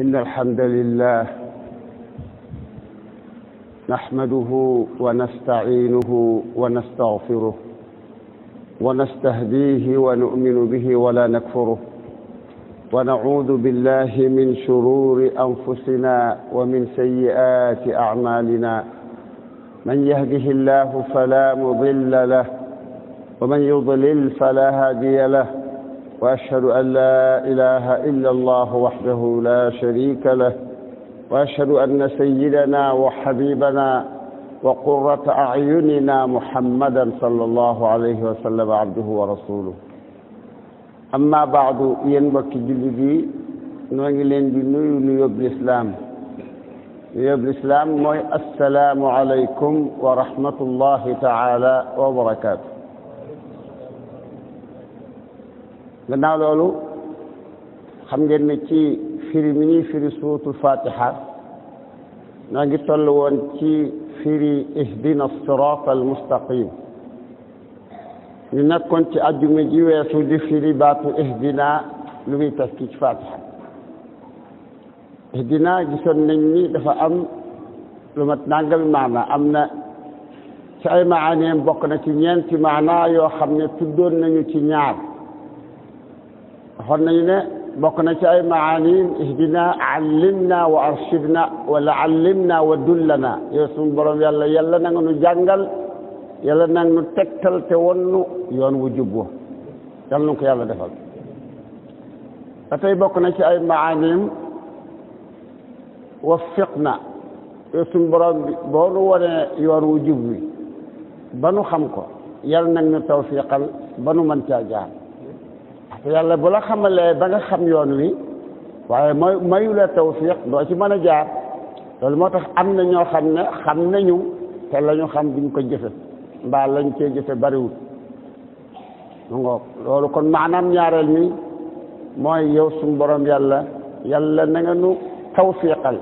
إن الحمد لله نحمده ونستعينه ونستغفره ونستهديه ونؤمن به ولا نكفره ونعوذ بالله من شرور أنفسنا ومن سيئات أعمالنا من يهده الله فلا مضل له ومن يضلل فلا هادي له واشهد ان لا اله الا الله وحده لا شريك له واشهد ان سيدنا وحبيبنا وقره اعيننا محمدا صلى الله عليه وسلم عبده ورسوله اما بعد ينبك جلدي نوغي لين دي الاسلام نويو الاسلام السلام عليكم ورحمه الله تعالى وبركاته gannaaw loolu xam ngeen ne ci firi mi ñuy firi suuratul fatiha naa ngi toll woon ci firi ihdina siraat al mustaqim ñu nekkoon ci ajjuma ji weesu di firi baatu ihdina lu muy tekki ci fatiha ihdina gisoon nañ ni dafa am lu mat nangami maana am na ci ay maaneem bokk na ci ñeenti maana yoo xam ne tuddoon nañu ci ñaar waxoon nañu ne bokk na ci ay maanim ihdina allimna wa arshidna wala allimna wa dullana yow suñu borom yàlla yàlla na nga nu jàngal yàlla na nga nu tegtal te wonnu yoon wu jub wa yàlla na ko yàlla defal ba bokk na ci ay maanim waffiqna yow suñu borom bi yoon wu jub wi ba xam ko yàlla na nga nu tawfiqal ba nu mën caa jaan yàlla bu la xamalee ba nga xam yoon wi waaye may mayu la tawfiq doo ci mën a jaar loolu moo tax am na ñoo xam ne xam nañu te la ñu xam duñ ko jëfe mbaa lañ cee jëfe bariwul loolu kon maanaam ñaareel mi mooy yow suñu boroom yàlla yàlla na nga nu tawfiqal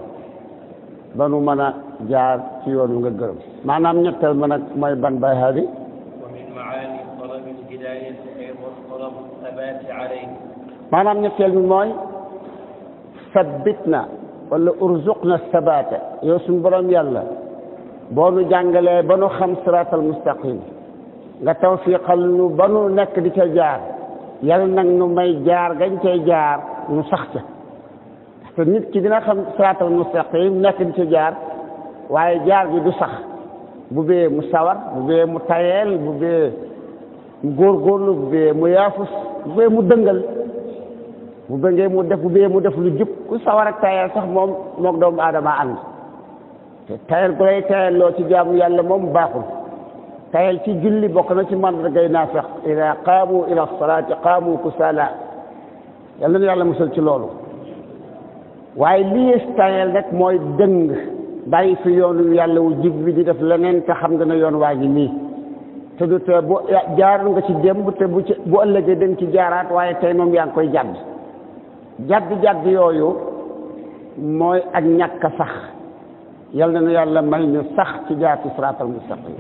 ba nu mën a jaar ci yoon wi nga gërëm maanaam ñetteel ma nag mooy ban bay xaari maanaam ñetteel bi mooy sabbitna wala urzuq na sabaata yow suñu borom yàlla boo nu jàngalee ba nu xam siraatal mustaqim nga tawfiqal nu ba nu nekk di ca jaar yàlla nag nu may jaar gañ cay jaar nu sax ca te nit ki dina xam siraatal mustaqim nekk di ca jaar waaye jaar bi du sax bu bee mu sawar bu bee mu tayeel bu bee mu góorgóorlu bu bee mu yaafus bu bee mu dëngal bu bëggee mu def bu bee mu def lu jub ku sawar ak tayal sax moom mook doomu aadama ànd te tayal ku lay tayal loo ci jaamu yàlla moom baaxul tayal ci julli bokk na ci mandargay naafeq ida qaamu ila salaati yàlla na ci loolu waaye lii tayal rek mooy dëng bàyyi fi yoonu yàlla wu jub bi di def leneen te xam nga ne yoon waa ji nii te du te bu jaaroon nga ci démb te bu ci bu ëllëgee dañ ci jaaraat waaye tey moom yaa ngi koy jàdd jàdd-jàdd yooyu mooy ak ñàkk sax yal na nu yàlla may ñu sax ci jaar ci siraatal mustaqim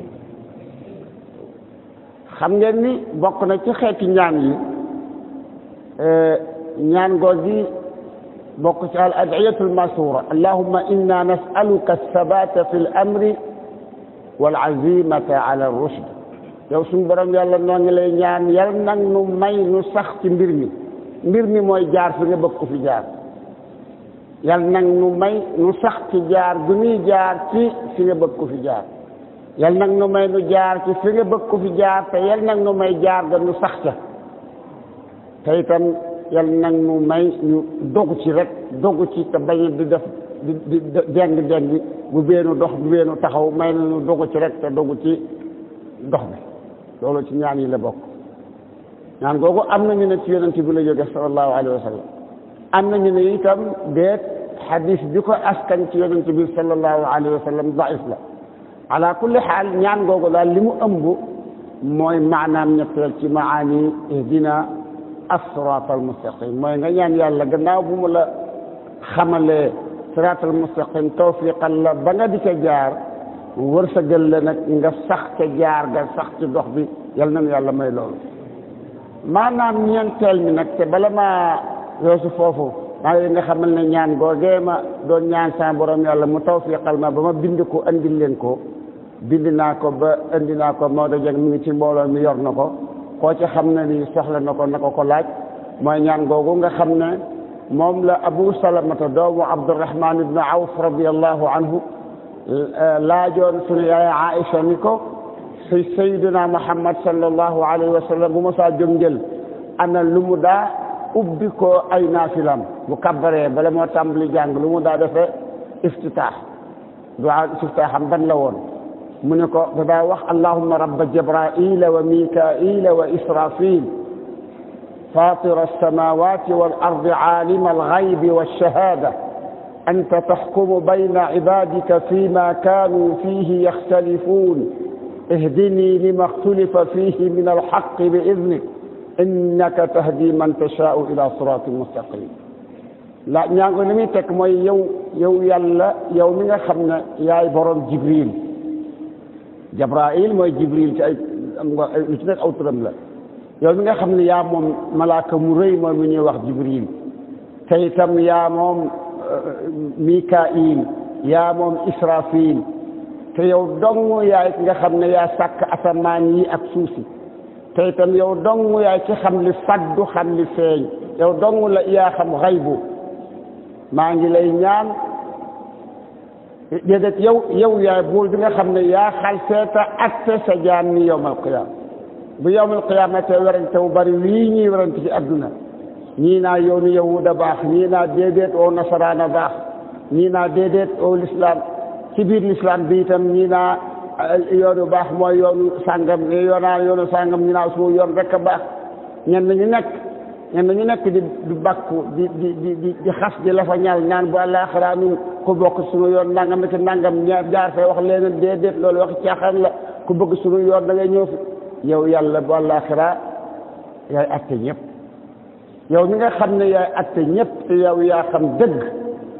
xam ngeen ni bokk na ci xeeti ñaan yi ñaan googi bokk ci al adiyatul masuura allahumma inna nasaluka sabata fi l amri wal azimata ala rushd yow suñu borom yàlla noo ngi lay ñaan yal nag nu may nu sax ci mbir mi mbir mi mooy jaar fi nga bëgg ko fi jaar yal nag nu may nu sax ci jaar bi muy jaar ci fi nga bëgg ko fi jaar yal nag nu may nu jaar ci fi nga bëgg ko fi jaar te yal nag nu may jaar ga nu sax ca te itam yal nag nu may ñu dogu ci rek dogu ci te bañ di def di di deng deng bu beenu dox bu beenu taxaw may na nu dogu ci rek te dogu ci dox bi loolu ci ñaan yi la bokk ñaan googu am na ñu ne ci yonent bi la jóge sallallahu alayhi wa sallam am na ñu ne itam déet xadis bi ko askan ci yonent bi sallallahu alayhi wa sallam daif la ala kulli xaal ñaan googu daal li mu ëmb mooy maanaam ñetteel ci maani ihdina as-sirat al-mustaqim mooy nga ñaan yàlla gannaaw bu mu la xamalee sirat al-mustaqim tawfiqal la ba nga di ca jaar wërsëgal la nag nga sax ca jaar nga sax ci dox bi yal nañu yàlla may loolu maa maanaam ñeenteel mi nag te bala maa weesu foofu maa nga leen nga xamal ne ñaan googee ma doon ñaan sa borom yàlla mu tawfiqal ma ba ma bind ko andil leen ko bind naa ko ba indi naa ko Maodo Dieng mu ngi ci mbooloo mi yor na ko koo ci xam ne ni soxla na ko na ko ko laaj mooy ñaan googu nga xam ne moom la Abu Salamata doomu Abdurahman ibnu Awf radiallahu anhu eh, laajoon sunu yaay Aïcha ni ko في سيدنا محمد صلى الله عليه وسلم موسى جنجل أنا لمدا أبكو اي فيلم مكبرة بلا ما تملي جان لمدا دفع افتتاح دعاء افتتاح حمد لون منك بباوح اللهم رب جبرائيل وميكائيل وإسرافيل فاطر السماوات والأرض عالم الغيب والشهادة أنت تحكم بين عبادك فيما كانوا فيه يختلفون اهدني لما اختلف فيه من الحق بإذنك إنك تهدي من تشاء إلى صراط مستقيم لا نقول نعم، نمي تك موي يو يو يالا يو ميغا خامنا ياي بوروم جبريل جبرائيل موي جبريل تي اي نيت او ترم لا يو ميغا خامنا يا موم ملاك مو ري موي ني واخ جبريل تي تام يا موم آه، ميكائيل يا موم اسرافيل te yow dong yaay ki nga xam ne yaa sàkk asamaan yi ak suusi te itam yow dong yaay ci xam li faddu xam li feeñ yow dong la yaa xam xaybu maa ngi lay ñaan déedéet yow yow yaay buur bi nga xam ne yaa xal seeta ak te sa jaam ni yowmal qiyaam bu yowmal te werante wu bari lii ñuy werante ci adduna ñii naa yoonu yahuda baax ñii naa déedéet oo nasaraana baax ñii naa déedéet oo lislaam ci biir lislaam bi tam ñi naa yoonu baax mooy yoonu sàngam yoonaa yoonu sàngam ñi naa suma yoon rek a baax ñen ñu nekk ñen ñu nekk di di bàkku di di di xas di la fa ñal naan bu àllaaxira nun ku bokk sunu yoon nangam na ci ñaar jaar fee wax leneen ku bëgg sunu yoon da ngay ñëw fi yow yàlla bu àllaaxira yaay atte ñëpp yow mi nga xam ne yaay atte ñëpp te yaa xam dëgg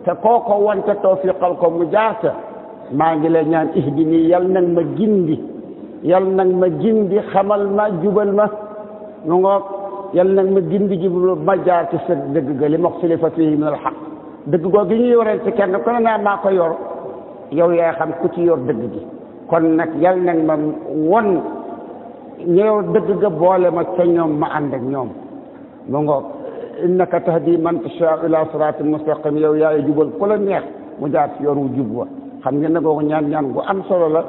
te kooko wante tawfiqal ko mu jaarta maa ngi lay ñaan ihdini yal nag ma gindi yal nag ma gindi xamal ma jubal ma nu ngoog yal nag ma gindi ji ma jaar ci sa dëgg ga li moxtalifa fihi min alxaq dëgg googu ñuy yoreen ci kenn ku ne naa maa ko yor yow yaay xam ku ci yor dëgg gi kon nag yal nag ma won ñi yor dëgg ga boole ma ca ñoom ma ànd ak ñoom mu ngoog innaka tahdi man tashaa ila siraatin mustaqim yow yaay jubal ku la neex mu jaar ci yoru jub wa xam ngeen ne googu ñaan ñaan gu am solo la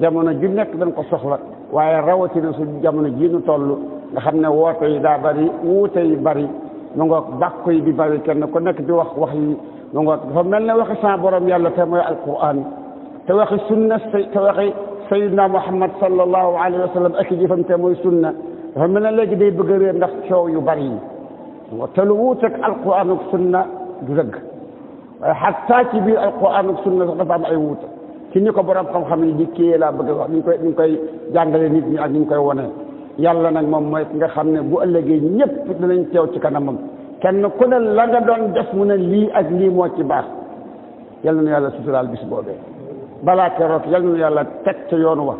jamono ju nekk dañ ko soxla waaye rawatina su jamono ji nu toll nga xam ne woote yi daa bari wuute yi bari mu ngoog bàkku yi di bari kenn ku nekk di wax wax yi mu ngoog dafa mel ne waxi sa borom yàlla te mooy alquran te waxi sunna te waxi sayidna muhammad sallallahu alayhi wa sallam ak jëfam te mooy sunna dafa mel ne léegi day bëgg a réer ndax coow yu bari yi te lu wuuteeg alquran ak sunna du dëgg xataa ci biir alquran ak sunna sax dafa am ay wuute ci ni ko borom xam-xam yi dikkee laa bëgg a wax ni koy koy jàngale nit ñi ak ni ñu koy wone yàlla nag moom mooy ki nga xam ne bu ëllëgee ñëpp danañ teew ci kanamam kenn ku ne la nga doon def mu ne lii ak lii moo ci baax yàlla na yàlla suturaal bis boobee balaa keroog yàlla na yàlla teg ca yoon wa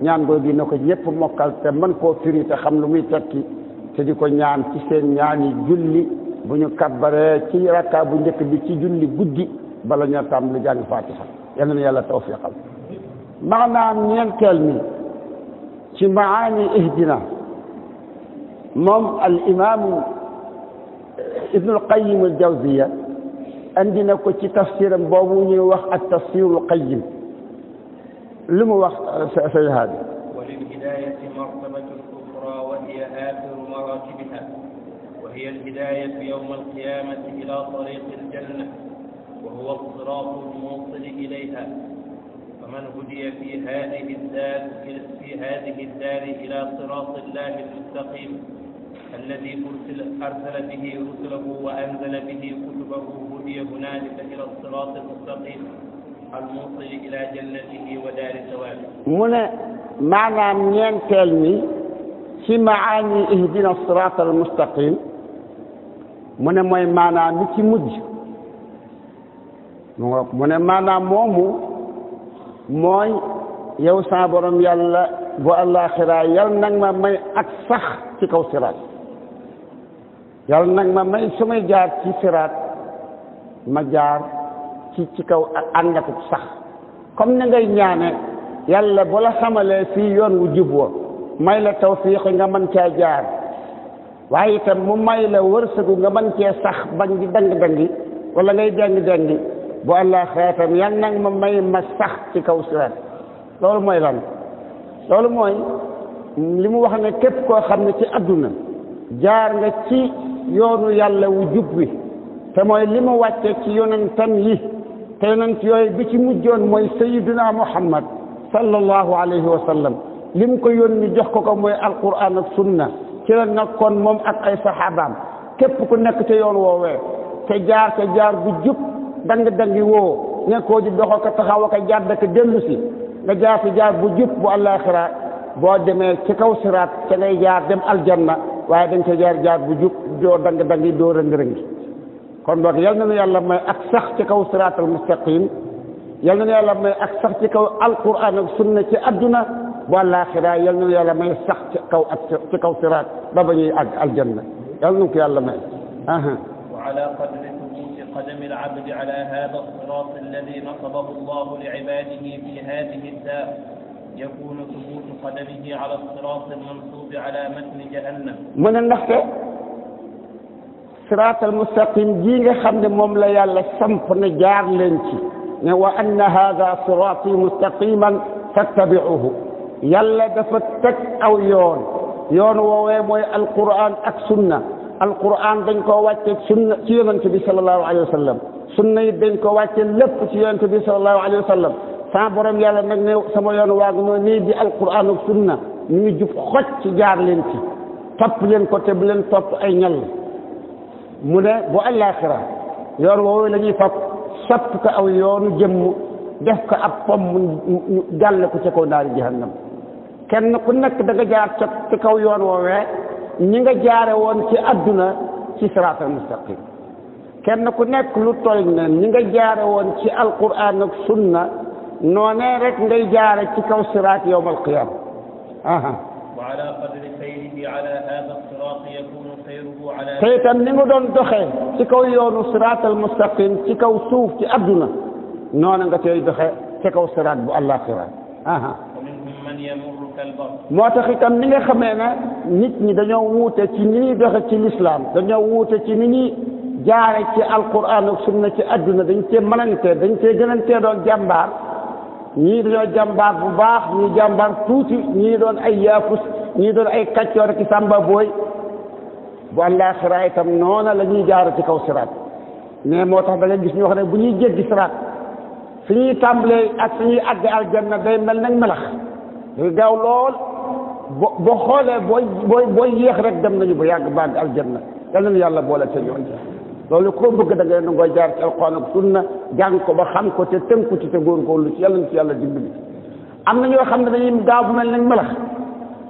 ñaan goo gi na ko ñëpp mokkal te mën koo firi te xam lu muy tekki te di ko ñaan ci seen ñaa buñu kabbare ci rakka bu ñëk bi ci julli guddi bala tam tàmbali jàng fatiha yalla na yàlla tawfiqal maanaam ñeenteel ni ci maani ihdina mom al imam ibn al qayyim al jawziya andina ko ci tafsiram bobu ñuy wax at tafsir al qayyim limu wax hadi sayhaadi hidayati martabatu al kubra wa hiya وهي الهداية يوم القيامة إلى طريق الجنة وهو الصراط الموصل إليها فمن هدي في هذه الدار في هذه الدار إلى صراط الله المستقيم الذي أرسل أرسل به رسله وأنزل به كتبه هدي هنالك إلى الصراط المستقيم الموصل إلى جنته ودار ثوابه. هنا معنى من كلمة في معاني اهدنا الصراط المستقيم mu ne mooy maanaam mi ci mujj mu ne maanaam moomu mooy yow sa borom yàlla bu àllaaxiraa yal nag ma may ak sax ci kaw siraat yal nag ma may su may jaar ci siraat ma jaar ci ci kaw ànd ak sax comme ni ngay ñaane yàlla bu la xamalee fii yoon wu jub wa may la tawfiix nga mën caa jaar waaye itam mu may la wërsëgu nga man cee sax bañ di dang-dangi wala ngay jàng-jangi bu allah xeetam yan nag ma may ma sax ci kaw loolu mooy lan loolu mooy li mu wax ne képp koo xam ne ci adduna jaar nga ci yoonu yàlla wu jub wi te mooy li mu wàcce ci yonentam yi te yonent yooyu bi ci mujjoon mooy sayiduna muhammad sallallahu alayhi wa sallam li mu ko yónni jox ko ko mooy alquran ak sunna ci la nekkoon moom ak ay saxaabaam képp ku nekk ca yoon woowee te jaar te jaar bu jub dang-dangi woo nekkoo di doxo ko taxaw ko jàdd ko dellu si nga jaar te jaar bu jub bu àllaaxira boo demee ci kaw siraat ca ngay jaar dem aljanna waaye dañ ca jaar jaar bu jub doo dang-dangi doo rëng-rëngi kon boog yal na nu yàlla may ak sax ci kaw siraatal mustaqim yal na nu yàlla may ak sax ci kaw alquran ak sunna ci adduna wallaaxiraa yal na yàlla may تقو تقو kaw ak ci kaw siraat ba ba ñuy وعلى قدر ثبوت قدم العبد على هذا الصراط الذي نصبه الله لعباده في هذه الدار يكون ثبوت قدمه على الصراط المنصوب على متن جهنم من النحكة صراط المستقيم جيغا خمد موم لا يالا سامب نجار لنتي وان هذا صراطي مستقيما فاتبعوه yàlla dafa teg aw yoon yoon woowee mooy alquran ak sunna alquran dañ koo wàcce sunna ci yonent bi sallallahu alayhi wa sallam sunna yi dañ ko wàcce lépp ci yonent bi sallallahu alayhi wa sallam borom yàlla nag ne sama yoon waag noo nii di alquran ak sunna ñu ngi jub xoj ci jaar leen ci topp leen ko te bu leen topp ay ñal mu ne bu àllaaxira yoon woowu la ñuy fab ko aw yoonu jëmm def ko ab pom mu jàll ko ca kaw naari jahannam kenn ku nekk da nga jaar ca ci kaw yoon woowee ñi nga jaare woon ci adduna ci siraatal mustaqim kenn ku nekk lu toll na ñi nga jaare woon ci alquran ak sunna noonee rek ngay jaare ci kaw siraat yowm alqiyama aha وعلى قدر سيره على هذا الصراط يكون سيره على te itam ni mu doon doxee ci kaw yoonu siraatal mustaqim ci kaw suuf ci adduna noona nga tey doxee ci kaw siraat bu àllaaxira aha ومنهم من يمر motax itam ni nga xamé na nit ñi dañoo wuté ci ni ñi doxe ci l'islam dañoo wuté ci ni ñi jaare ci alquran ak sunna ci aduna dañ ci mënante dañ ci gënantee do jambar ñi dañoo jambar bu baax ñi jambar tuuti ñi doon ay yaafus ñi doon ay kaccoor ki sàmba boy bu àllaaxira itam noona la ñuy jaar ci kaw sirat né motax da nga gis ñoo xam bu ñuy jéggi siraat su ñuy tambalé ak su ñuy àgg aljanna day mel nag melax dañuy gaaw lool boo boo xoolee booy booy booy yéex rek dem nañu ba yàgg baag aljanna yal nañu yàlla boole ca ñooñu loolu ko bëgg da ngay nangoo jaar ci alxuraan ak sunna jàng ko ba xam ko te tënku ci te góorgóorlu ci yàlla na ci yàlla dimbali am na ñoo xam ne dañuy gaaw bu mel ni melax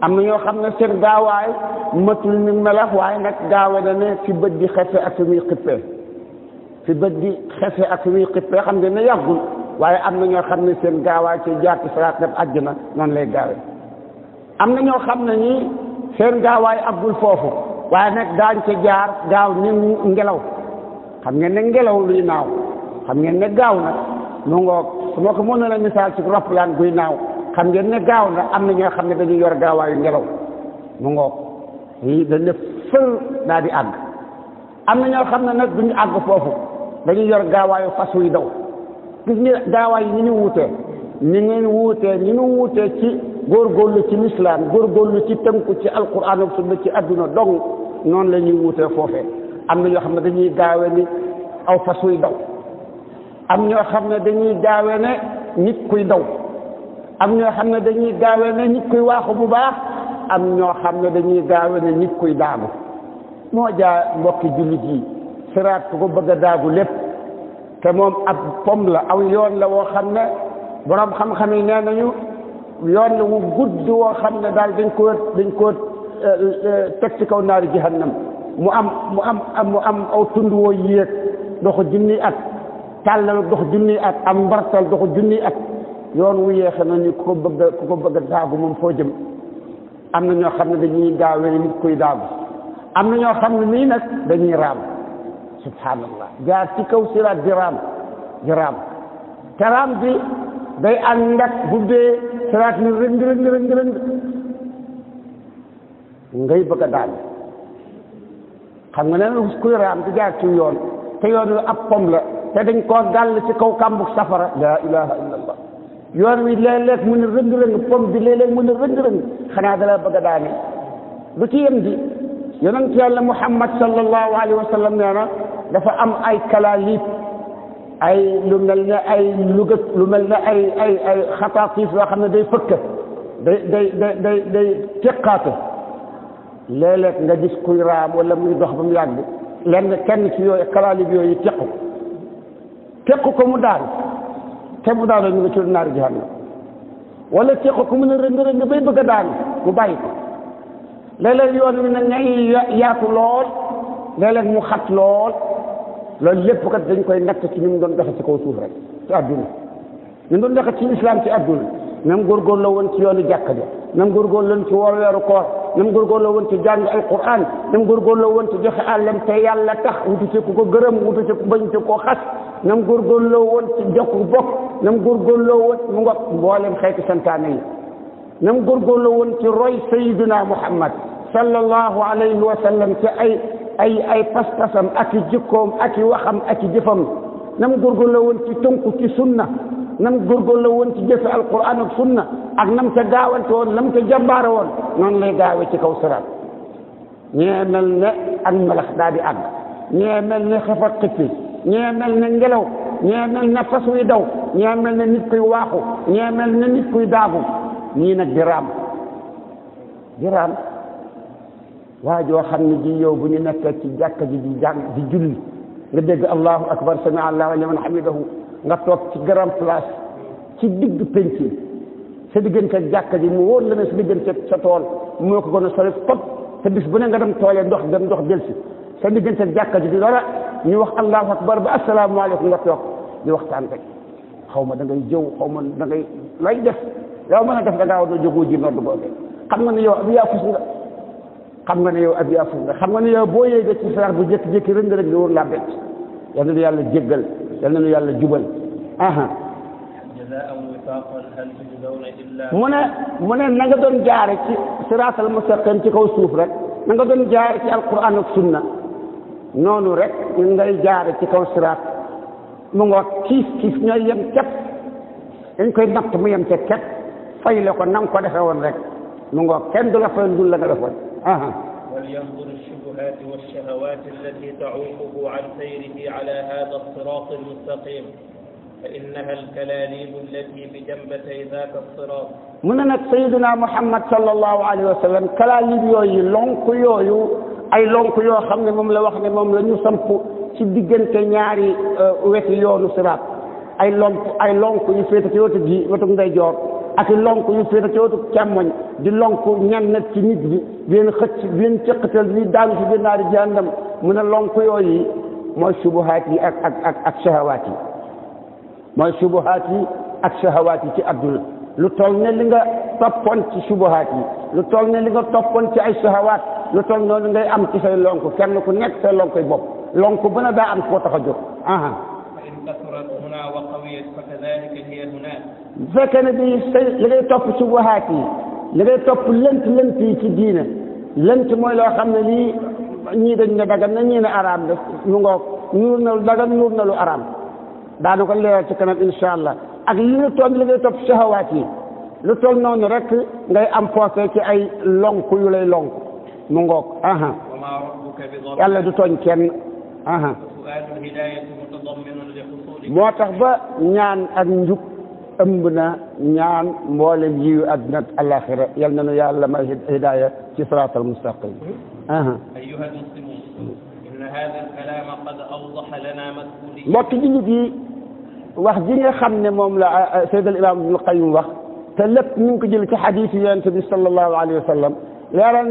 am na ñoo xam ne seen gaawaay matul ni melax waaye nag gaawe na ne fi bët di xefe ak fi muy xippee fi bët di xefe ak fi muy xippee xam nga na yàggul waaye am na ñoo xam ne seen gaawaay ci jaar ci saraat dem na noonu lay gaawee am na ñoo xam ne ñi seen gaawaay àggul foofu waaye nag daañ ci jaar gaaw ni ngelaw xam ngeen ne ngelaw luy naaw xam ngeen ne gaaw na mu ngoog su ma ko na la misaal ci roplaan guy naaw xam ngeen ne gaaw na am na ñoo xam ne dañuy yor gaawaayu ngelaw mu ngoog yi fël daal di àgg am na ñoo xam ne nag duñu àgg foofu dañuy yor gaawaayu fas wuy daw gis nga daawaay yi ñu ngi wuutee ñu ngi wuutee ci góor wuutee ci góorgóorlu góor lislaam ci tënku ci alquran ak sunna ci àdduna dong noonu la ñuy wuutee foofee am na ñoo xam ne dañuy daawe ni aw fas wuy daw am ñoo xam ne dañuy daawe ne nit kuy daw am ñoo xam ne dañuy daawe nit kuy waaxu bu baax am ñoo xam ne dañuy daawe ne nit kuy daagu moo jaa mbokki jullit yi siraat ku ko bëgg daagu lépp te moom ab pom la aw yoon la woo xam ne borom xam-xam yi nee nañu yoon la wu gudd woo xam ne daal dañ koo dañ koo teg ci kaw naari jahannam mu am mu am mu am aw tund woo yéeg doxu junniy at tàllal dox junniy at am mbartal doxu junniy at yoon wu yeexe na ko bëgg ku ko bëgg daagu moom foo jëm am na ñoo xam ne dañuy gaawee nit kuy daagu am na ñoo xam ne nii nag dañuy raam subhaanallah jaar ci kaw siraat di raam di raam te raam bu dee siraat ni rëng rëng rëng ngay bëgg a daan xam nga ne kuy raam di jaar ci yoon te yoon wi ab la te dañ koo gàll ci kaw kàmbu safara la ilaha illallah yoon wi léeg-léeg mu ne rëng rëng pom bi léeg mu ne rëng rëng xanaa dala bëgg a daane lu ci yem di yonent yàlla muhammad sallallahu alayhi wa sallam nee na dafa am ay kalalit ay lu mel ne ay lugat lu mel ne ay ay ay xataatiif yoo xam ne day fëkka day day day day day teqaate léeg-léeg nga gis kuy raam wala muy dox ba mu yàgg lenn kenn ci yooyu kalaalib yooyu teq ko teq ko mu daan te mu daanoo ñu nga ci naari jahannam wala teq ko mu ne rëng rëng bay bëgg a daan mu bàyyi ko léeg-léeg yoon wi ne ngay yaatu lool léeg-léeg mu xat lool loolu lépp kat dañ koy natt ci ni mu doon doxe ci kaw suuf rek ci àdduna ñu doon doxe ci islam ci àdduna nam góorgóor la woon ci yoonu jàkk ja nam góorgóor la woon ci woor weeru koor nam góorgóor la woon ci jàng alquran nam góorgóor la woon ci joxe àllam te yàlla tax wutu ci ku ko gërëm wutu ci ku bañ ci koo xas nam góorgóor la woon ci jokk bokk nam góorgóor la woon mu ngoog mboolem xeeti santaane yi nam góorgóor la woon ci roy sayiduna muhammad sallallahu alayhi wa sallam ci ay ay ay pas-pasam ak i jikkoom ak i waxam ak i jëfam nam la woon ci tënku ci sunna nam góorgóorlu woon ci jëfe alquran ak sunna ak nam ca gaawante woon nam ca jàmbaare woon noonu lay gaawe ci kaw siraat ñee ne ak melax daal di àgg ne xefat xippi ñee ne ngelaw ñee mel ne fas wuy daw ñee mel ne nit kuy waaxu ne nit kuy daagu ñii nag di waa joo xam ne ji yow bu ñu nekkee ci jàkk ji di jàng di julli nga dégg allahu akbar sami allahu liman hamidahu nga toog ci grand place ci digg penc sa diggante jàkk ji mu wóor la ne sa diggante sa tool moo ko gën a sore fop te bis bu ne nga dem toolee ndox dem ndox del delsi sa diggante jàkk ji di dara ñu wax allahu akbar ba asalaamaaleykum nga toog di waxtaan rek xaw ma da ngay jëw xaw ma da ngay lay def yow mën a def da ngaa war a ji noddu boobee xam nga ne yow ab yaa fus nga xam nga ne yow ab yaafu xam nga ne yow boo yéegee ci sarax bu jékki-jékki rënd rek nga war laa bett yal nañu yàlla jéggal yal nañu yàlla jubal aha mu ne ne na nga doon jaare ci siraatal mustaqim ci kaw suuf rek na nga doon jaare ci alquran ak sunna noonu rek ngay jaare ci kaw siraat mu nga kiis kiis ñooy yem ket dañ koy natt mu yem ca ket fay la ko ko defe woon rek mu nga kenn la fay dul la nga defoon آه. ولينظر الشبهات والشهوات التي تعوقه عن سيره على هذا الصراط المستقيم فإنها الكلاليب التي بجنبتي ذاك الصراط من أنك سيدنا محمد صلى الله عليه وسلم كلاليب يوي لونك يوي أي لونك يوي خمني مم لوخني مم لنسمكو ci diggante ñaari weti yoonu siraat ay lonk ay lonk yu féete wetu gi wetu ndeyjoor ak lonk yu féete ci wetu càmmoñ di lonk ñenn ci nit bi di leen xëcc di leen cëqatal di daanu ci biir naari jahannam mu ne lonk yooyu mooy subuhaat yi ak ak ak ak shahawaat yi mooy subuhaat yi ak shahawaat yi ci adduna lu toll ne li nga toppoon ci subuhaat yi lu toll ne li nga toppoon ci ay shahawaat lu toll noonu ngay am ci say lonk kenn ku nekk say lonk yi bopp lonk bu ne daa am koo tax a jóg aha bu fekkee na bi sa li ngay topp subuhaat yi li ngay topp lënt lënt yi ci diine lënt mooy loo xam ne lii ñii dañ ne dagan na ñii ne araam def mu ngoog nuur na lu dagan nuur na lu araam daana ko leeral ci kanam incha ak li lu toll li ngay topp sahawaat yi lu toll noonu rek ngay am poosé ci ay lonk yu lay lonk mu ngoog aha du tooñ kenn aha moo tax ba ñaan ak njub ëmb na ñaan mboolem yiw adna ak alaxira yal na nu yàlla ma hidayah ci siratal mustaqim aha ayyuha in hadha al kalam qad awdaha lana mas'uliyya mbokk jullit yi wax ji nga xamne mom la sayyid al imam ibnu qayyim wax te lépp ñu ko jël ci hadith yi bi sallallahu alayhi wa sallam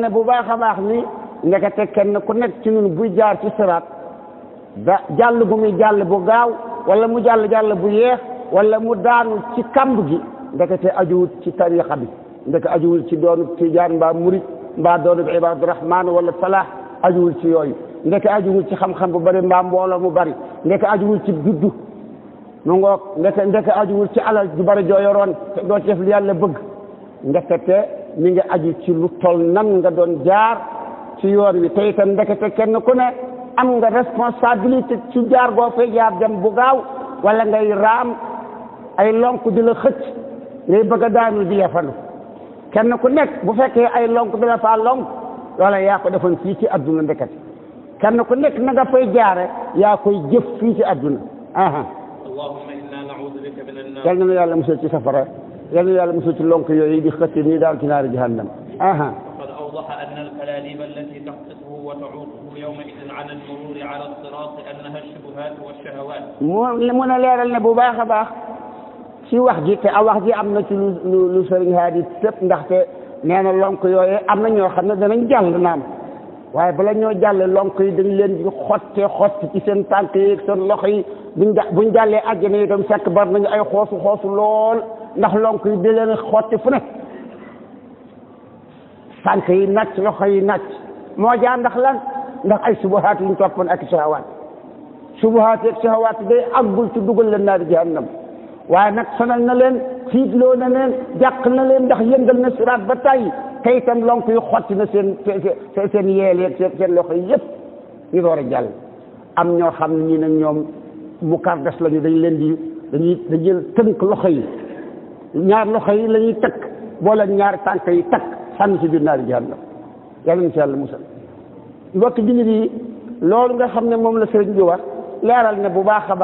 ne bu baax baax ni ndekete kenn ku nekk ci ñun buy jaar ci siraat da jàll bu muy jàll bu gaaw wala mu jàll jàll bu yeex wala mu daanu ci kamb gi ndekete ajuwut ci tariqa bi ndeke ajuwul ci doonub tijaan mbaa murit mbaa doonub ibadurahman wala salah ajuwul ci yooyu ndeke ajuwul ci xam-xam bu bari mbaa mbooloo mu bari ndeke ajuwul ci juddu mu ngoog ndeke ndeke ajuwul ci alal ju bari joo ci def yàlla bëgg ndekete mi ngi aju ci lu tol nan nga doon jaar ci yoon wi te itam ndekete kenn ku ne am nga responsabilité ci jaar goo fay jaar dem bu gaaw ngay raam ay lonk di la xëcc ngay bëgg a daanu di yafandu kenn ku nekk bu fekkee ay lonk bi la faa lonk loola yaa ko defoon fii ci adduna ndekat kenn ku nekk na nga fay jaare yaa koy jëf fii ci adduna aha yal na yàlla musal ci safara yal na yàlla musal ci lonk yooyu di xëcc nii daal ci naari jahannam aha أوضح أن الكلاليب التي تقصده وتعوقه يومئذ على المرور على الصراط أنها الشبهات والشهوات. من لا النبوة باخ باخ ci wax ji te a wax ji am na ci lu lu sëriñ Haadi tëpp ndax nee na lonk yooyu am na ñoo xam ne danañ jàll naam waaye bala ñoo jàlle lonk yi dañ leen di xottee xotti ci seen tànk yi seen loxo yi buñ buñ jàllee àjjana itam fekk bar nañu ay xoosu xoosu lool ndax lonk yi di leen xotti fu ne tànk yi nàcc loxo yi nàcc moo jaa ndax lan ndax ay subuhaat yuñ toppoon ak sahawaat subuhaat ak sahawaat day àggul ci dugal leen naar jahannam waaye nag sonal na leen fiitloo na leen jàq na leen ndax yëngal na siraat ba tàyyi te itam lonk yu xotti na seen seen yeel yeeg seen loxo yi yëpp ñu door a jàll am ñoo xam ne ñu nag ñoom mu kardas lañu dañ leen di dañuy dañuy tënk loxo yi ñaar loxo yi lañuy ñuy takk boole ñaar tànk yi takk sànni si biir naari jahannam yàlla na si yàlla musal mbokk loolu nga xam ne moom la sëriñ bi wax leeral na bu baax a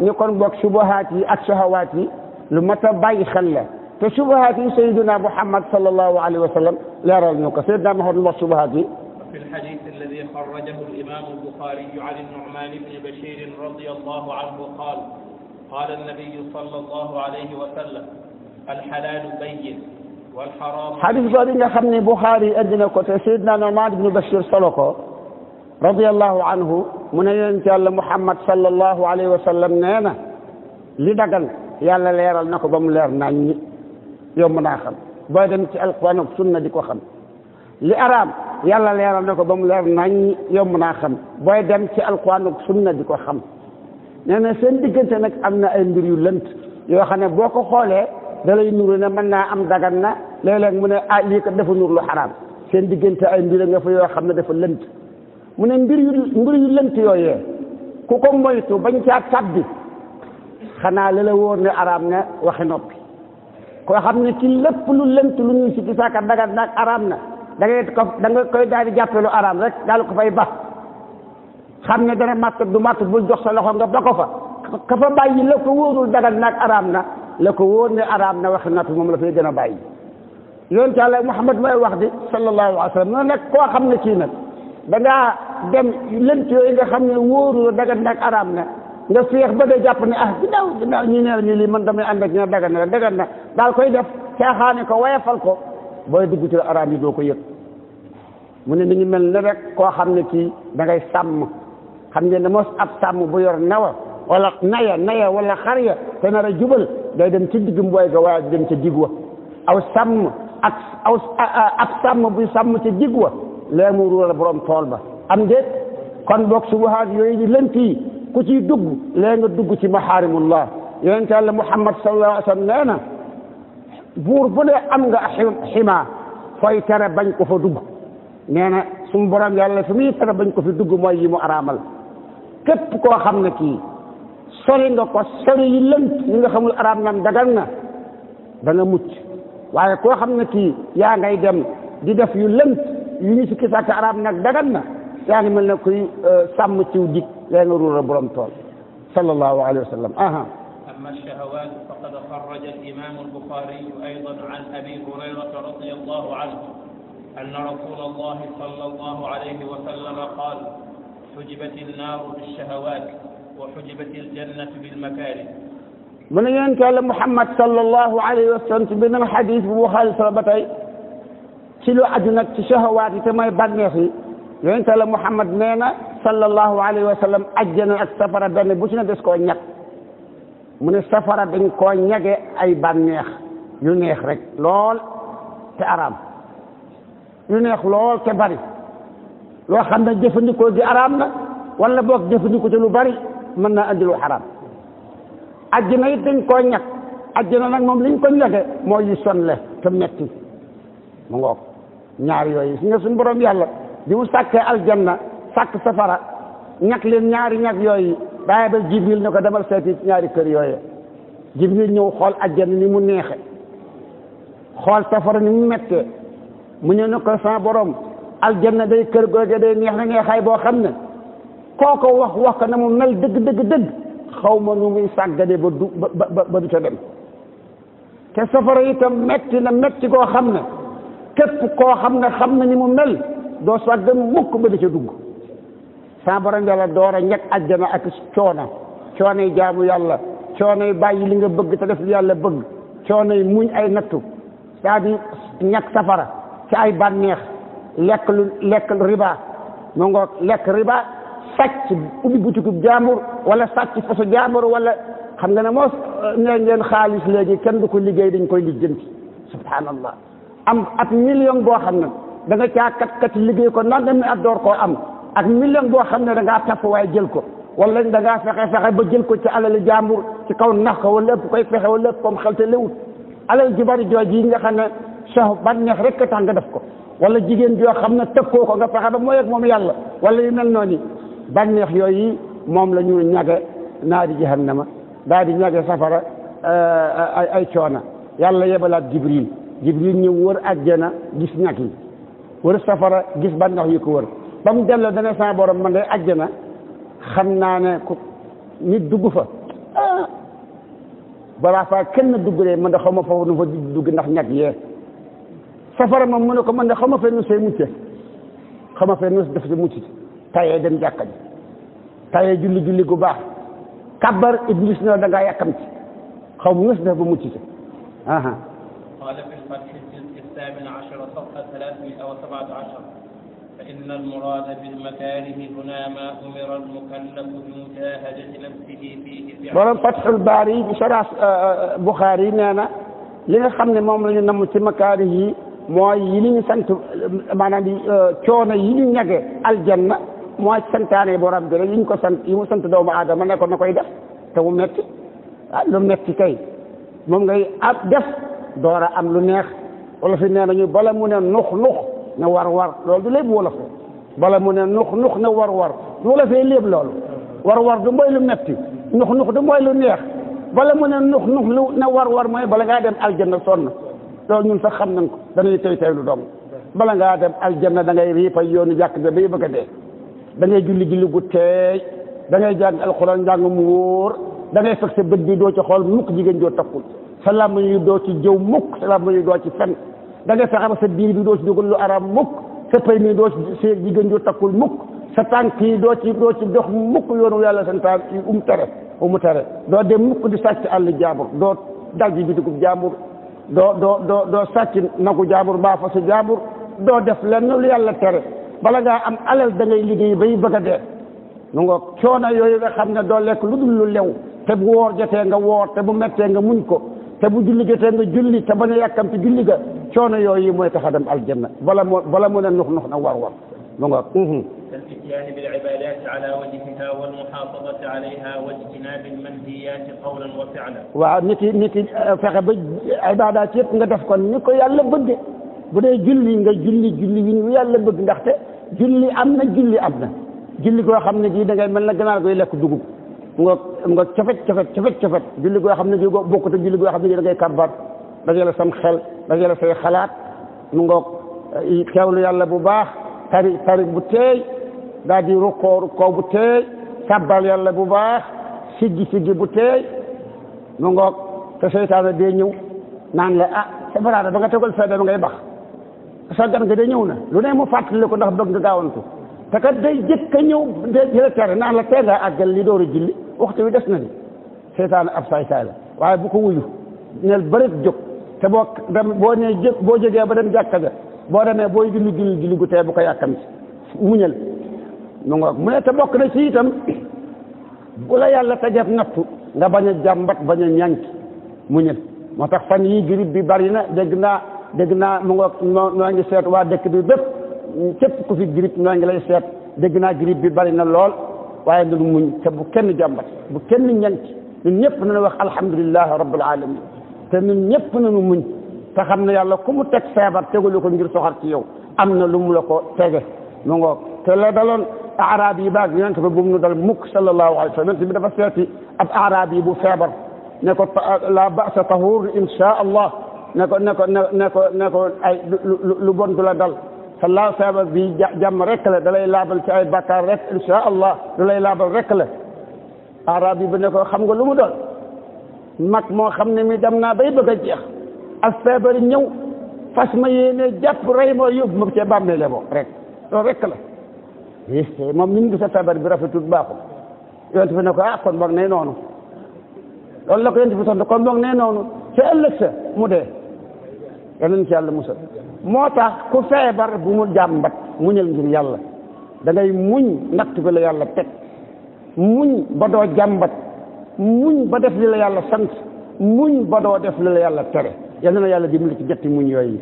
ni kon شبهاتي shubuhat لما ak shahawat فشبهاتي سيدنا محمد صلى الله عليه وسلم لا yi sayyiduna سيدنا محمد alaihi wasallam في الحديث الذي خرجه الإمام البخاري عن النعمان بن بشير رضي الله عنه قال قال النبي صلى الله عليه وسلم الحلال بين والحرام حديث قال إن خمني بخاري أدنى سيدنا نعمان بن بشير صلوكو رضي الله عنه mu ne yonent yàlla muhammad sallallahu alayhi wa sallam nee na li dagan yàlla leeral na ko ba mu leer naañ ñi yomb naa xam booy dem ci alquran ak sunna di ko xam li araam yàlla leeral na ko ba mu leer naañ ñi yomb naa xam booy dem ci alquran ak sunna di ko xam nee na seen diggante nag am na ay mbir yu lënt yoo xam ne boo ko xoolee da lay nuru ne mën naa am dagan na léeg-léeg mu ne ah lii ko dafa nur lu xaraam seen diggante ay mbir nga fa yoo xam ne dafa lënt mu ne mbir yu mbir yu lënt yooyee ku ko moytu bañ caa tabbi xanaa la la wóor ne araam na waxi noppi koo xam ne ci lépp lu lënt lu ñuy si gisaaka dagat naag araam na da ngay ko da nga koy daal di jàppee lu araam rek daal ko fay ba xam ne dana màtt du màtt bul jox sa loxo nga ba ko fa ka fa bàyyi la ko wóorul dagat naag araam na la ko wóor ne araam na waxi noppi moom la fay gën a bàyyi yonent Yàlla Muhammad may wax di sallallahu alayhi wa sallam noonu nag koo xam ne kii nag da ngaa dem lënt yooyu nga xam ne wóoru dagan nag araam na nga féex ba day jàpp ne ah ginnaaw ginnaaw ñu neew ñu lii man damay ànd ak ñoo dagan na dagan na daal koy def caaxaane ko wayafal ko booy dugg ci araam yi doo ko yëg mu ne mi ngi mel ne rek koo xam ne kii da ngay sàmm xam ngeen ne mos ab sàmm bu yor nawa wala naya naya wala xar ya te nar a jubal day dem ci digg mbooy ga waaye dem ca digg wa aw sàmm ak aw ab sàmm buy sàmm ca digg lee mu ruural borom tool ba am déet kon boog subuhaat yooyu di lënt ku ci dugg lee nga dugg ci maxaarimullah yonente yàlla muhammad sallallahu alayhi wa sallam nee na buur bu ne am nga xima fooy tere bañ ko fa dugg nee na suñu borom yàlla fi muy tere bañ ko fi dugg mooy yi mu araamal képp koo xam ne kii sori nga ko sori yi lënt yi nga xamul araam nam dagan na da nga waaye koo xam ne kii yaa ngay dem di def yu lënt li ñu sukki arab nag dagan na yaa ngi mel kuy e, sàmm ciw dig yaa ngi borom sallallahu aha أما الشهوات فقد خرج الإمام البخاري أيضا عن أبي هريرة رضي الله عنه أن رسول الله صلى الله عليه وسلم قال حجبت النار بالشهوات وحجبت الجنة بالمكاره من ينكال محمد صلى الله عليه وسلم من الحديث بوخاري صلى الله عليه وسلم ci lu aju nag ci shahawaat yi te mooy bànneex yi yonente la Muhammad nee na sallallahu alayhi wa sallam ajjana ak safara benn bu ci ne des koo ñag mu ne safara dañ koo ñage ay bànneex yu neex rek lool te yu neex lool te bari jëfandikoo gi araam na wala boog jëfandikoo ci lu bari mën naa andi lu xaraam ajjana it dañ nag moom liñ ko ñage mooy yu sonle te metti mu ngoog ñaar yooyu su nga suñ borom yàlla bi mu sàkkee aljanna sàkk safara ñàkk leen ñaari ñàkk yooyu bàyyi ba jibril ne ko demal seeti ñaari kër yooye jibril ñëw xool aljanna ni mu neexe xool safara ni mu mettee mu ñëw ne ko sa borom aljanna day kër googe day neex na neexaay boo xam ne kooko wax wax ko na mu mel dëgg dëgg dëgg xaw ma nu muy sàggane ba du ba ba du ca dem te safara itam metti na metti koo xam ne képp koo xam ne xam na ni mu mel doo soit dem mukk ba di ca dugg sa borom yàlla door a ñeg ak coona coono yi jaamu yàlla coono yi bàyyi li nga bëgg te def li yàlla bëgg coono yi muñ ay nattu c'est-à-dire safara ci ay bànneex lekk lu lekk riba mu ngoog lekk riba sàcc ubbi butiku jaambur wala sàcc faso jaambur wala xam nga ne moos nee eh, ngeen xaalis léegi kenn du ko liggéey dañ koy lijjanti subhanallah am ak million boo xam ne da nga caa kat kat liggéey ko nan demee ak door koo am ak million boo xam ne da ngaa tapp waaye jël ko wala da ngaa fexe fexe ba jël ko ci alal jàmbur ci kaw nax ko wala ëpp koy fexe wala ëpp comme xelte léwut alal ji bari jooj yi nga xam ne ban bànneex rek tax nga def ko wala jigéen joo xam ne tëkkoo ko nga fexe ba mooy ak moom yàlla wala yu mel noonu bànneex yooyu moom la ñu ñage naari jahannama daal di ñage safara ay ay coona yàlla yebalaat jibril jibril ñëw wër àjjana gis ñag yi wër safara gis bànneex yi ko wër ba mu delloo dana saa borom man de àjjana xam naa ne ku nit dugg fa ah! balaa faa kenn dugg de man de xaw ma foofu fa dugg ndax ñag yee safara moom mu ne ko mën de xaw ma fee nu see mucce xaw ma fee nu def si mucc tayee dem jàkka ji tayee julli julli gu baax kabbar iblis na da ngaa yàkkam ci xaw ma nu si def ba mucc ci قال في الفتح الجزء الثامن عشر صفحة 317 فإن المراد بالمكاره هنا ما أمر المكلف بمجاهدة نفسه فيه ورم فتح الباري بشرع آه، آه، بخاري نانا لنا خمنا مؤمن نمو تمكاره موي يلين سنت معنا دي آه، كون يلين نجا الجنة موي سنتاني بورام دي يلين كو سنت يمو سنت دوم آدم أنا كو نكو يدف تو متي لو متي كي مم غي أب door a am lu neex wolof yi nee nañu bala mu ne nux nux na war war loolu du lépp wolof bala mu ne nux nux na war war du wolof loolu war war du mooy lu metti nux nux du mooy lu neex bala mu ne nux nux lu na war war mooy bala ngaa dem aljanna sonn loolu ñun sax xam nañ ko dañuy tey tey lu dong bala ngaa dem aljanna da ngay riifa yoonu jàkk da bay bëgg a dee da ngay julli julli gu teey da ngay jàng alxuraan njàng mu wóor da ngay fekk sa bët bi doo ci xool mukk jigéen joo takkul sa làmmiñ yu doo ci jëw mukk sa làmmiñ yu doo ci fen da ngay sa biir bi doo ci dugal lu araam mukk sa pay mi doo ci see jigéen ju takkul mukk sa tànk yi doo ci doo ci dox mukk yoonu yàlla seen tànk um tere umu tere doo dem mukk di sàcc àll jaambur doo daj bi dugub jaambur doo doo doo doo sàcc nagu jaambur baa fasu jaambur doo def lenn lu yàlla tere bala ngaa am alal da ngay liggéey bay bëgg a dee nu nga coono yooyu nga xam ne doo lekk lu dul lu lew te bu woor jotee nga woor te nga muñ ko te bu julli jotee nga julli te bañ a julli ga coono yooyu mooy a dem aljanna bala moo bala mu ne nux nux na war war mu nga mhm. الاستجلال بالعبادات على وجهها والمحافظة عليها واجتناب المنهيات قولا وفعلا waaw nit yi nit yi euh, fexe ba ibaadaat yëpp nga def kon ni ko yàlla bëgg bu dee julli nga julli julli yi ñu yàlla bëgg ndaxte julli am na julli am na julli koo xam ne gii da man mel na ganaar koy lekk dugub nga nga cofet cofet cofet cofet julli goo xam ne gi bokkut ak julli goo xam ne gi da ngay kàbbar dajale sam xel dajale say xalaat mu ngoog xewlu eh, yàlla bu baax tari tari bu teey daal di rukkoo rukkoo bu teey sabbal yàlla bu baax siggi siggi bu teey mu ngoog te seytaane dee ñëw naan la ah sa baraada ba nga tegal fee ba ngay bax sa gan nga de ñëw na lu ne mu fàttali ko ndax bëgg nga gaawantu te kat day jëkk ñëw de jëla tere naan la tee nga àggal li julli waxtu wi des na ni seytaane ab saay la waaye bu ko wuyu neel bërit jóg te boo dem boo nee jë boo jógee ba dem jàkka ja boo demee booy julli julli julli gu bu ko yàkkam ci muñal mu ne te bokk na ci itam yàlla tegeef nattu nga bañ a jàmbat bañ a ñànki muñal moo tax fan yii grippe bi bari na dégg naa dégg naa mu ngoog noo ngi seet waa dëkk bi bépp képp ko fi grippe noo ngi lay seet dégg naa grippe bi bari na lool waaye nanu muñ te bu kenn jàmbat bu kenn ñanti ñun ñëpp nañu wax alhamdulilah rabbil alamin te ñun ñëpp nañu muñ te xam ne yàlla ku mu teg feebar tegalu ko ngir soxar ci yow am na lu mu la ko tege mu ngoog te la daloon araab yi baag yonente bi bu mu nu dal mukk sallallahu alayhi wa sallam yonente bi dafa seeti ab araab yi bu feebar ne ko la basa tahur insha allah ne ko ne ko ne ko ne ko ay lu bon du la dal sallallahu alayhi bi jàmm rek la dalay laabal ci ay bakkaar rek insha allah dalay laabal rek la arab yi ba ne ko xam nga lu mu doon mag moo xam ne mi dem naa bay bëgg a jeex ak feebar ñëw fas ma yéene jàpp rey ma yóbbu ma cee bàmmeele moom rek loolu rek la i eh, eh, moom ni mu bi rafetul baaxul yonent bi ne ko ah kon boog ne noonu loolu la ko yonent bi tontu kon boog ne noonu ca ëllëg sa mu dee yal nañ ci yàlla musal moo tax ku feebar bu mu jàmbat muñal ngir yàlla da ngay muñ natt bi la yàlla teg muñ ba doo jàmbat muñ ba def li la yàlla sant muñ ba doo def li la yàlla tere yal na yàlla dimbali ci jëtti muñ yooyu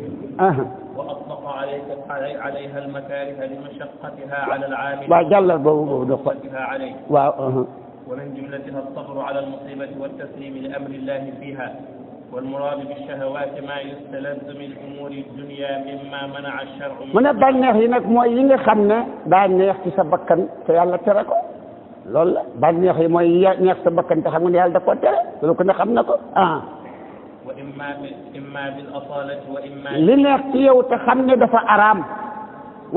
waaw jàllal boobu boobu do ko waaw wa min jumlatiha as-sabru ala al-musibati wa at-taslim li amri llahi fiha والمراد بالشهوات ما يستلذ من امور الدنيا مما منع الشرع من بان هناك موي ييغا خامنا دا نيه تي سبكن تي يالا تيراكو لول بان نيه موي نيه سبكن تي خامنا يالا داكو تيرا لو كنا خامنا كو اه واما اما بالاصاله واما لي نيه تي يو تي خامنا دا فا ارام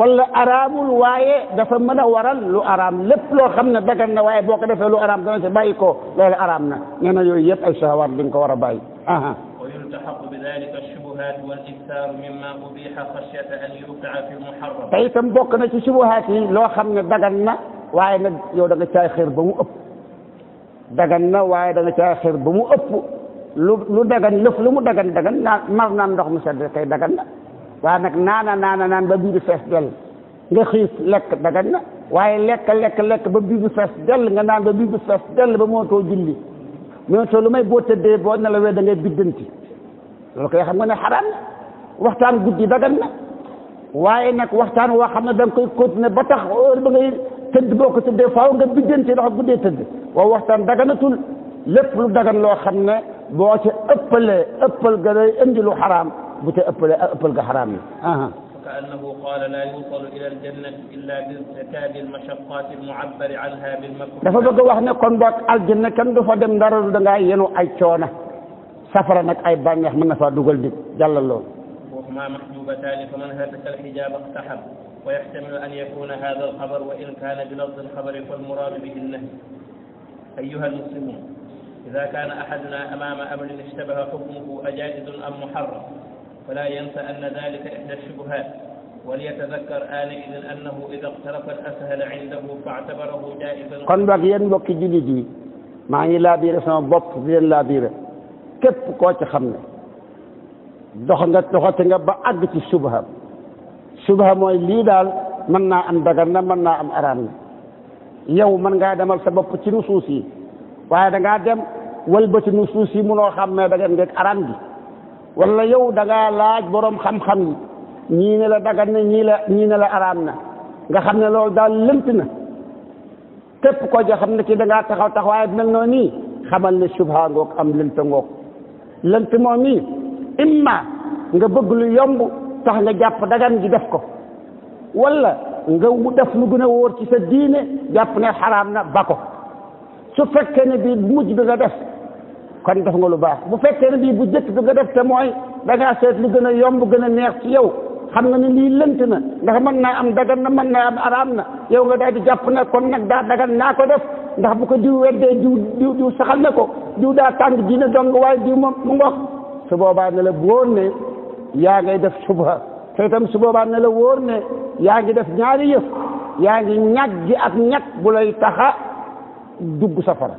ولا ارامول واي دا فا منا ورال لو ارام لب لو خامنا بغان واي بوكو دافا لو ارام دا سي بايكو لول ارامنا نينا يوي ييب اي شهوات بين ورا بايكو أها ويلتحق بذلك الشبهات والإكثار مما أبيح خشية أن يقع في المحرم. tey itam bokk na ci subuhaat yi loo xam ne dagan na waaye nag yow da nga caay xër ba mu ëpp dagan na waaye da nga caay xër ba mu ëpp lu lu dagan lu mu dagan dagan naan mar naan ndox mu sedd kay dagan na waaye nag naana naana naan ba biir fees dell nga xiif lekk lekk lekk lekk ba biir fees dell nga naan ba biir fees dell ba moo too julli. mu ne te lu may boo tëddee boo nelawee da ngay biddanti loolu koy xam nga ne xaraam na waxtaan guddi dagan na waaye nag waxtaan woo xam ne da nga koy continuer ba tax heure ba ngay tëdd boo ko tëddee faaw nga biddanti ndax guddee tëdd waaw waxtaan daganatul lépp lu dagan loo xam ne boo ci ëppalee ëppal ga day indi lu xaraam bu te ëppalee ëppal ga xaraam na أنه قال لا يوصل إلى الجنة إلا بارتكاب المشقات المعبر عنها بالمكروه دافا بغا wax ne kon boog aljanna kenn du fa دار dara da ينو أي تشونا coona safara أي ay من mën na faa dugal nit وهما محجوبتان فمن هتك الحجاب اقتحم ويحتمل أن يكون هذا الخبر وإن كان بلفظ الخبر فالمراد به النهي أيها المسلمون إذا كان أحدنا أمام أمر اشتبه حكمه أجائز أم محرم فلا ينسى أن ذلك إحدى الشبهات وليتذكر آل إذن أنه إذا اقترف الأسهل عنده فاعتبره جائزا قال باقي يعني بك جلي جي معني لا بير سما بط بير لا بير كيف كواتي خمنا دخنا تخطي نبا أدتي شبهة شبهة موي لي دال من نا أم دغرنا من نا أم أرامي yow man nga demal sa bop ci nusus yi waye da nga dem wal ba ci nusus yi mu no xamé da ngeen rek arane gi wala yow da nga laaj ñii la dagan na ñii la ñii ne la araam na nga xam ne loolu daal lënt na képp koo jo xam ne kii da ngaa taxaw taxawaay mel noonu nii xamal ne subha ngoog am lënt ngoog lënt moom nii imma nga bëgg lu yomb tax nga jàpp dagan gi def ko wala nga def lu gën a wóor ci sa diine jàpp ne xaraam na ba ko su fekkee ne bii bu mujj bi nga def kon def nga lu baax bu fekkee ne bii bu jëkk bi nga def te mooy da seet lu gën a yomb gën a neex ci yow xam nga ne lii lënt na ndax mën naa am dagan na mën naa am araam na yow nga daal di jàpp na kon nag daa dagan naa ko def ndax bu ko diw weddee diw diw diw saxal na ko diw daa tàng diina dong waaye diw moom mu ngox su boobaa ne la wóor ne yaa ngay def subha te itam su boobaa ne la wóor ne yaa ngi def ñaari yëf yaa ngi ñàkk gi ak ñàkk bu lay taxa dugg safara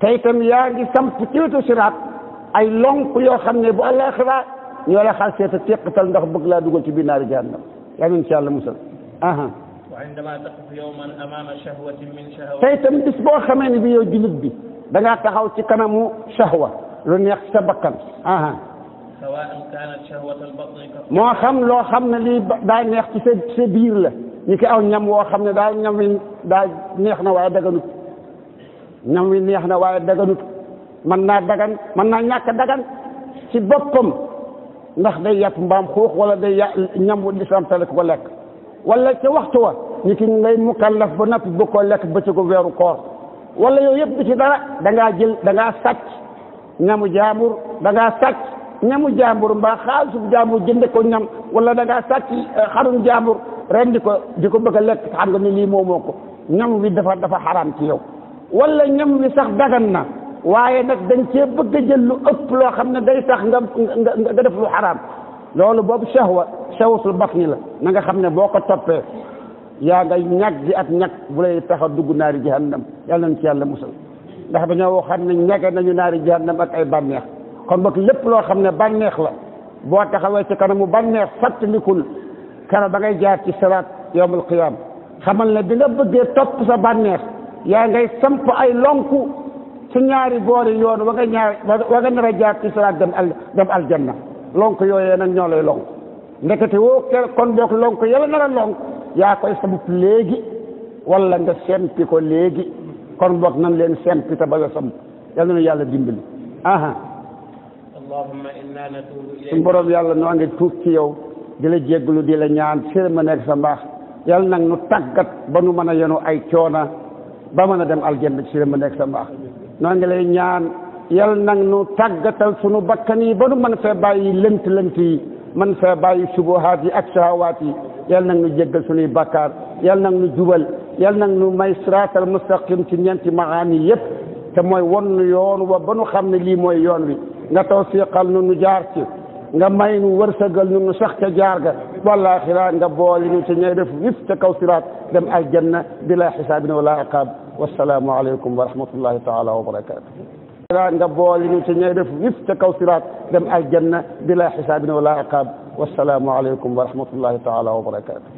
te itam yaa ngi samp ci siraat ay lonk yoo xam ne bu àllaaxira ñoo la xasee te teqatal ndax bëgg laa dugal ci biir naari jahannam yal nañu ci yàlla musal aha tey itam bis boo xamee ne bi yow jullit bi da taxaw ci kanamu shahwa lu neex sa bakkan aha moo xam loo xam ne lii daa neex ci sa sa biir la ñu ki aw ñam woo xam ne daa ñam wi daa neex na waaye daganut ñam wi neex na waaye daganut mën naa dagan mën naa ñàkk dagan ci boppam ndax day yàpp mbaam xuux wala day yà ñam wu lislaam tere ko lekk wala ca waxtu wa ni ki ngay mukallaf ba noppi bu ko lekk bëccëgu weeru koor wala yooyu yëpp bi ci dara da ngaa jël da ngaa sàcc ñamu jaambur da ngaa sàcc ñamu jaambur mbaa xaalisu jaambur jënde ko ñam wala da ngaa sàcc eh, xarum jaambur ren di ko di ko bëgg a xam nga ni lii moomoo ko ñam wi dafa dafa xaraam ci yow wala ñam wi sax dagan waaye nag dañ cee bëgg a jël lu ëpp loo xam ne day tax nga nga def lu xaraam loolu boobu shahwa shahwatul batni la na nga xam ne boo ko toppee yaa nga ñag ji ak ñag bu lay tax a dugg naari jahannam yàlla nañ ci yàlla musal ndax dañoo xam ne ñage nañu naari jahannam ak ay bànneex kon boog lépp loo xam ne bànneex la boo taxawee ci kanamu bànneex fàttalikul kara ba ngay jaar ci siraat yawmul qiyaam xamal ne bi nga bëggee topp sa bànneex yaa ngay samp ay lonku ci ñaari boori yoon wa nga ñaar wa nga nar a jaar ci siraat dem al dem aljanna lonk yooyee na ñoo lay lonk ndekete woo kon boog lonk yàlla nar a lonk yaa koy sabub léegi wala nga sempi ko léegi kon boog nan leen sempi te ba nga sam yal na yàlla dimbali aha allahumma inna yàlla noo ngi tuub ci yow di la jégglu di la ñaan sir ma nekk sa mbaax yàlla nag nu tàggat ba nu mën a yenu ay coona ba mën a dem aljanna ci sir ma nekk sa mbaax noo ngi lay ñaan yal nag nu tàggatal sunu bakkan yi ba nu fee bàyyi lënt lënt yi mën fee bàyyi subuhaat yi ak shahawaat yi yal nag nu jéggal sunuy bakkaar yal nag nu jubal yal nag nu may siraatal mustaqim ci ñeenti maani yépp te mooy won nu yoon wa ba xam ne lii mooy yoon wi nga tawfiqal nu nu jaar ci nga may nu wërsëgal nu nu sax ca jaar ga wallaahi nga boole nu ci ñooy def wif ca kaw siraat dem aljanna bila xisaabin wala iqaab والسلام عليكم ورحمة الله تعالى وبركاته لا نقبل إن تنعرف وفت كوسرات دم الجنة بلا حساب ولا عقاب والسلام عليكم ورحمة الله تعالى وبركاته